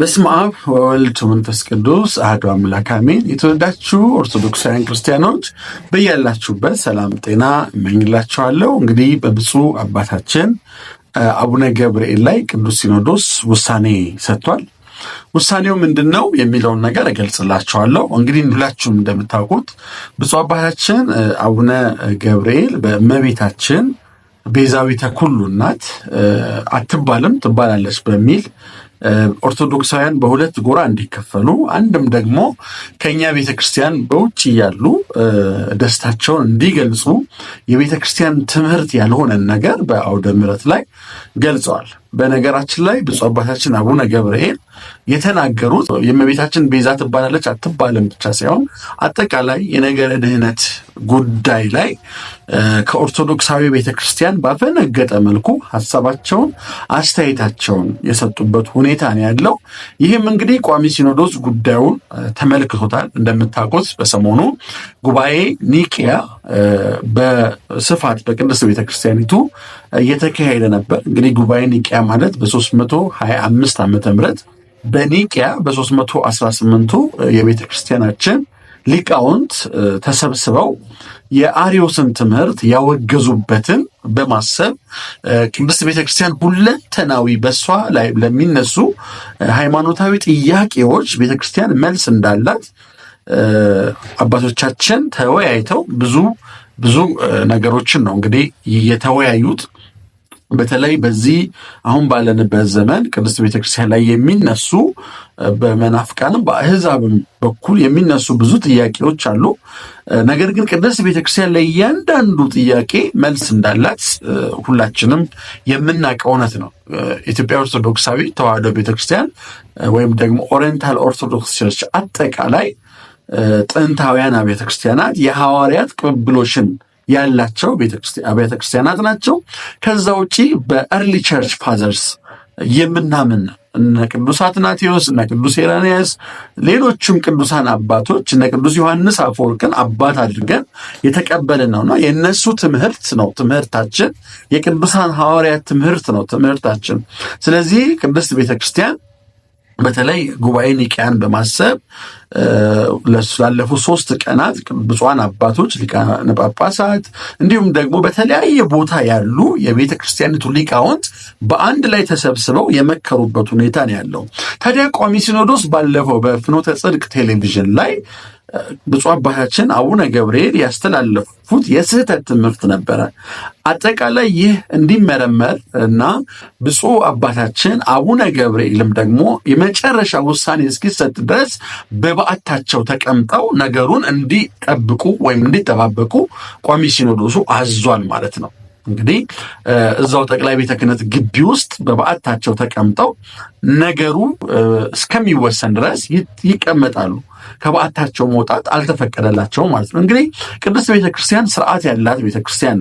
በስመ አብ ወወልድ ወመንፈስ ቅዱስ አሐዱ አምላክ አሜን። የተወዳችሁ ኦርቶዶክሳውያን ክርስቲያኖች በያላችሁበት ሰላም ጤና እመኝላችኋለሁ። እንግዲህ በብፁዕ አባታችን አቡነ ገብርኤል ላይ ቅዱስ ሲኖዶስ ውሳኔ ሰጥቷል። ውሳኔው ምንድን ነው የሚለውን ነገር እገልጽላችኋለሁ። እንግዲህ ሁላችሁም እንደምታውቁት ብፁዕ አባታችን አቡነ ገብርኤል በእመቤታችን ቤዛዊተ ኩሉ ናት አትባልም ትባላለች በሚል ኦርቶዶክሳውያን በሁለት ጎራ እንዲከፈሉ አንድም ደግሞ ከኛ ቤተ ክርስቲያን በውጭ ያሉ ደስታቸውን እንዲገልጹ የቤተ ክርስቲያን ትምህርት ያልሆነን ነገር በአውደ ምሕረት ላይ ገልጸዋል። በነገራችን ላይ ብዙ አባታችን አቡነ ገብርኤል የተናገሩት የእመቤታችን ቤዛ ትባላለች አትባልም ብቻ ሳይሆን አጠቃላይ የነገረ ድህነት ጉዳይ ላይ ከኦርቶዶክሳዊ ቤተክርስቲያን ባፈነገጠ መልኩ ሀሳባቸውን፣ አስተያየታቸውን የሰጡበት ሁኔታ ነው ያለው። ይህም እንግዲህ ቋሚ ሲኖዶስ ጉዳዩን ተመልክቶታል። እንደምታውቁት በሰሞኑ ጉባኤ ኒቅያ በስፋት በቅድስት ቤተክርስቲያኒቱ እየተካሄደ ነበር። እንግዲህ ጉባኤ ኒቂያ ማለት በ325 ዓ ምህረት በኒቂያ በ318ቱ የቤተ ክርስቲያናችን ሊቃውንት ተሰብስበው የአሪዮስን ትምህርት ያወገዙበትን በማሰብ ቅድስት ቤተክርስቲያን ሁለንተናዊ በሷ ላይ ለሚነሱ ሃይማኖታዊ ጥያቄዎች ቤተክርስቲያን መልስ እንዳላት አባቶቻችን ተወያይተው ብዙ ብዙ ነገሮችን ነው እንግዲህ የተወያዩት። በተለይ በዚህ አሁን ባለንበት ዘመን ቅድስት ቤተክርስቲያን ላይ የሚነሱ በመናፍቃንም በአህዛብም በኩል የሚነሱ ብዙ ጥያቄዎች አሉ። ነገር ግን ቅድስት ቤተክርስቲያን ላይ እያንዳንዱ ጥያቄ መልስ እንዳላት ሁላችንም የምናውቅ እውነት ነው። ኢትዮጵያ ኦርቶዶክሳዊ ተዋሕዶ ቤተክርስቲያን ወይም ደግሞ ኦሪየንታል ኦርቶዶክስ ቸርች አጠቃላይ ጥንታውያን ቤተክርስቲያናት የሐዋርያት ቅብብሎችን ያላቸው አብያተ ክርስቲያናት ናቸው። ከዛ ውጪ በእርሊ ቸርች ፋዘርስ የምናምን እነ ቅዱስ አትናቴዎስ እነ ቅዱስ ሄራንያስ ሌሎቹም ቅዱሳን አባቶች እነ ቅዱስ ዮሐንስ አፈወርቅን አባት አድርገን የተቀበልን ነውና የእነሱ ትምህርት ነው ትምህርታችን። የቅዱሳን ሐዋርያት ትምህርት ነው ትምህርታችን። ስለዚህ ቅድስት ቤተክርስቲያን በተለይ ጉባኤ ኒቅያን በማሰብ ላለፉት ሶስት ቀናት ብፁዓን አባቶች ሊቃነ ጳጳሳት እንዲሁም ደግሞ በተለያየ ቦታ ያሉ የቤተ ክርስቲያኒቱ ሊቃውንት በአንድ ላይ ተሰብስበው የመከሩበት ሁኔታ ነው ያለው። ታዲያ ቋሚ ሲኖዶስ ባለፈው በፍኖተ ጽድቅ ቴሌቪዥን ላይ ብፁዕ አባታችን አቡነ ገብርኤል ያስተላለፉት የስህተት ትምህርት ነበረ። አጠቃላይ ይህ እንዲመረመር እና ብፁዕ አባታችን አቡነ ገብርኤልም ደግሞ የመጨረሻ ውሳኔ እስኪሰጥ ድረስ በበዓታቸው ተቀምጠው ነገሩን እንዲጠብቁ ወይም እንዲጠባበቁ ቋሚ ሲኖዶሱ አዟል ማለት ነው። እንግዲህ እዛው ጠቅላይ ቤተ ክህነት ግቢ ውስጥ በበዓታቸው ተቀምጠው ነገሩ እስከሚወሰን ድረስ ይቀመጣሉ። ከበዓታቸው መውጣት አልተፈቀደላቸው ማለት ነው። እንግዲህ ቅድስት ቤተክርስቲያን ስርዓት ያላት ቤተክርስቲያን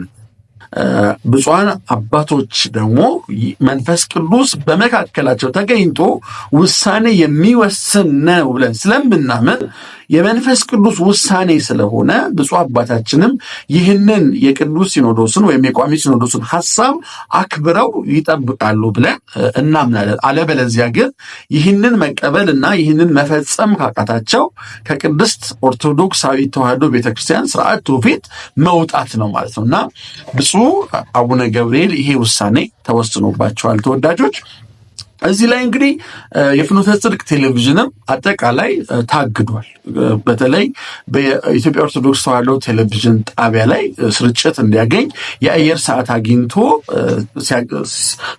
ብፁዓን አባቶች ደግሞ መንፈስ ቅዱስ በመካከላቸው ተገኝቶ ውሳኔ የሚወስን ነው ብለን ስለምናምን የመንፈስ ቅዱስ ውሳኔ ስለሆነ ብፁዕ አባታችንም ይህንን የቅዱስ ሲኖዶስን ወይም የቋሚ ሲኖዶስን ሀሳብ አክብረው ይጠብቃሉ ብለን እናምናለን። አለበለዚያ ግን ይህንን መቀበል እና ይህንን መፈጸም ካቃታቸው ከቅድስት ኦርቶዶክሳዊ ተዋሕዶ ቤተክርስቲያን ስርዓት ትውፊት መውጣት ነው ማለት ነው እና ብፁዕ አቡነ ገብርኤል ይሄ ውሳኔ ተወስኖባቸዋል ተወዳጆች። እዚህ ላይ እንግዲህ የፍኖተ ጽድቅ ቴሌቪዥንም አጠቃላይ ታግዷል። በተለይ በኢትዮጵያ ኦርቶዶክስ ተዋሕዶ ቴሌቪዥን ጣቢያ ላይ ስርጭት እንዲያገኝ የአየር ሰዓት አግኝቶ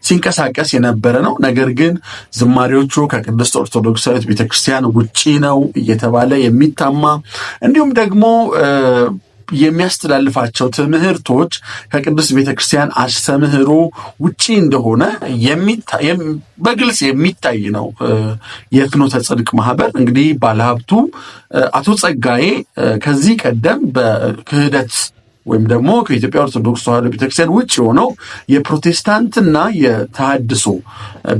ሲንቀሳቀስ የነበረ ነው። ነገር ግን ዝማሬዎቹ ከቅድስት ኦርቶዶክሳዊት ቤተክርስቲያን ውጪ ነው እየተባለ የሚታማ እንዲሁም ደግሞ የሚያስተላልፋቸው ትምህርቶች ከቅዱስ ቤተ ክርስቲያን አስተምህሮ ውጪ እንደሆነ በግልጽ የሚታይ ነው። የፍኖተ ጽድቅ ማህበር እንግዲህ ባለሀብቱ አቶ ጸጋዬ ከዚህ ቀደም በክህደት ወይም ደግሞ ከኢትዮጵያ ኦርቶዶክስ ተዋሕዶ ቤተክርስቲያን ውጭ የሆነው የፕሮቴስታንትና የተሃድሶ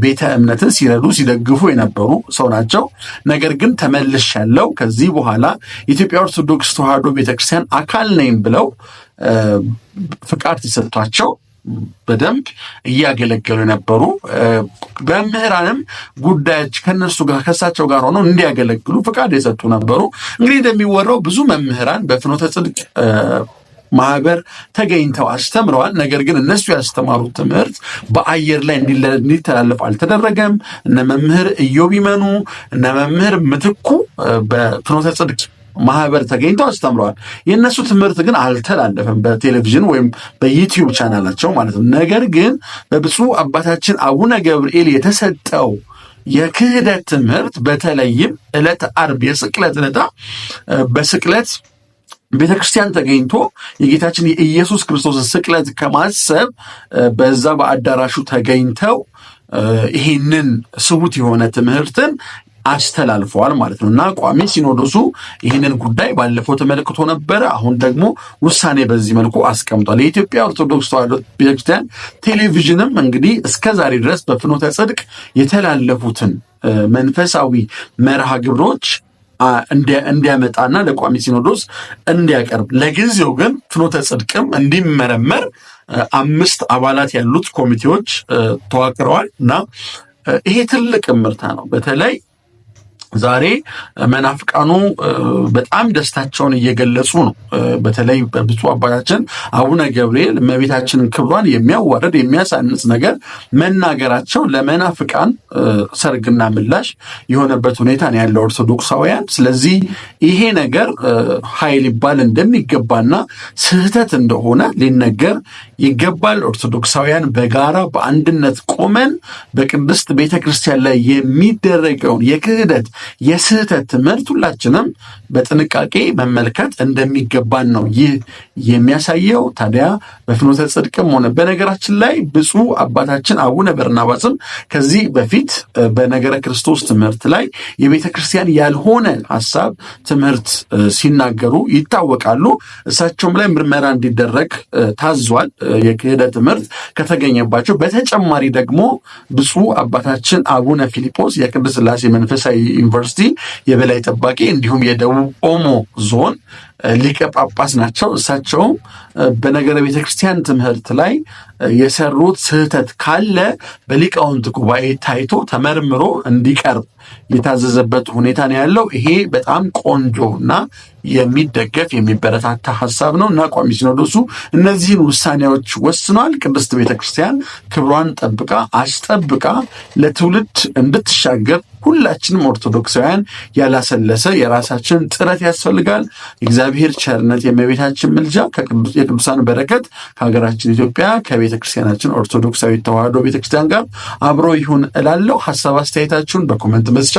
ቤተ እምነትን ሲረዱ ሲደግፉ የነበሩ ሰው ናቸው። ነገር ግን ተመልሽ ያለው ከዚህ በኋላ የኢትዮጵያ ኦርቶዶክስ ተዋህዶ ቤተክርስቲያን አካል ነኝ ብለው ፍቃድ ሲሰጥቷቸው በደንብ እያገለገሉ የነበሩ መምህራንም ጉዳዮች ከነሱ ጋር ከሳቸው ጋር ሆነው እንዲያገለግሉ ፍቃድ የሰጡ ነበሩ። እንግዲህ እንደሚወራው ብዙ መምህራን በፍኖተ ጽድቅ ማህበር ተገኝተው አስተምረዋል። ነገር ግን እነሱ ያስተማሩት ትምህርት በአየር ላይ እንዲተላለፍ አልተደረገም። እነ መምህር ኢዮብ ይመኑ፣ እነ መምህር ምትኩ በፍኖተ ጽድቅ ማህበር ተገኝተው አስተምረዋል። የእነሱ ትምህርት ግን አልተላለፈም በቴሌቪዥን ወይም በዩትዩብ ቻናላቸው ማለት ነው። ነገር ግን በብፁዕ አባታችን አቡነ ገብርኤል የተሰጠው የክህደት ትምህርት በተለይም ዕለት አርብ የስቅለት ዕለት በስቅለት ቤተ ክርስቲያን ተገኝቶ የጌታችን የኢየሱስ ክርስቶስ ስቅለት ከማሰብ በዛ በአዳራሹ ተገኝተው ይሄንን ስሁት የሆነ ትምህርትን አስተላልፈዋል ማለት ነው እና ቋሚ ሲኖዶሱ ይህንን ጉዳይ ባለፈው ተመልክቶ ነበረ። አሁን ደግሞ ውሳኔ በዚህ መልኩ አስቀምጧል። የኢትዮጵያ ኦርቶዶክስ ተዋሕዶ ቤተክርስቲያን ቴሌቪዥንም እንግዲህ እስከ ዛሬ ድረስ በፍኖተ ጽድቅ የተላለፉትን መንፈሳዊ መርሃ ግብሮች እንዲያመጣና ለቋሚ ሲኖዶስ እንዲያቀርብ ለጊዜው ግን ፍኖተ ጽድቅም እንዲመረመር አምስት አባላት ያሉት ኮሚቴዎች ተዋቅረዋል እና ይሄ ትልቅ እምርታ ነው። በተለይ ዛሬ መናፍቃኑ በጣም ደስታቸውን እየገለጹ ነው። በተለይ በብፁዕ አባታችን አቡነ ገብርኤል እመቤታችንን ክብሯን የሚያዋርድ የሚያሳንጽ ነገር መናገራቸው ለመናፍቃን ሰርግና ምላሽ የሆነበት ሁኔታ ነው ያለው ኦርቶዶክሳውያን። ስለዚህ ይሄ ነገር ኃይል ይባል እንደሚገባና ስህተት እንደሆነ ሊነገር ይገባል። ኦርቶዶክሳውያን በጋራ በአንድነት ቆመን በቅድስት ቤተክርስቲያን ላይ የሚደረገውን የክህደት የስህተት ትምህርት ሁላችንም በጥንቃቄ መመልከት እንደሚገባን ነው ይህ የሚያሳየው። ታዲያ በፍኖተ ጽድቅም ሆነ በነገራችን ላይ ብፁ አባታችን አቡነ በርናባስም ከዚህ በፊት በነገረ ክርስቶስ ትምህርት ላይ የቤተ ክርስቲያን ያልሆነ ሀሳብ ትምህርት ሲናገሩ ይታወቃሉ። እሳቸውም ላይ ምርመራ እንዲደረግ ታዟል። የክህደ ትምህርት ከተገኘባቸው በተጨማሪ ደግሞ ብፁ አባታችን አቡነ ፊልጶስ የቅድስት ሥላሴ መንፈሳዊ ዩኒቨርሲቲ የበላይ ጠባቂ እንዲሁም የደቡብ ኦሞ ዞን ሊቀ ጳጳስ ናቸው። እሳቸውም በነገረ ቤተ ክርስቲያን ትምህርት ላይ የሰሩት ስህተት ካለ በሊቃውንት ጉባኤ ታይቶ ተመርምሮ እንዲቀርብ የታዘዘበት ሁኔታ ነው ያለው። ይሄ በጣም ቆንጆ እና የሚደገፍ የሚበረታታ ሀሳብ ነው እና ቋሚ ሲኖዶሱ እነዚህን ውሳኔዎች ወስኗል። ቅድስት ቤተ ክርስቲያን ክብሯን ጠብቃ አስጠብቃ ለትውልድ እንድትሻገር ሁላችንም ኦርቶዶክሳውያን ያላሰለሰ የራሳችንን ጥረት ያስፈልጋል። እግዚአብሔር ቸርነት፣ የእመቤታችን ምልጃ፣ የቅዱሳን በረከት ከሀገራችን ኢትዮጵያ ከቤተ ክርስቲያናችን ኦርቶዶክሳዊ ተዋህዶ ቤተክርስቲያን ጋር አብሮ ይሁን እላለሁ። ሀሳብ አስተያየታችሁን በኮመንት መስጫ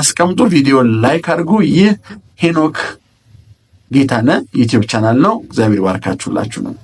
አስቀምጡ። ቪዲዮ ላይክ አድርጉ። ይህ ሄኖክ ጌታነህ ዩቲዩብ ቻናል ነው። እግዚአብሔር ባርካችሁላችሁ ነው።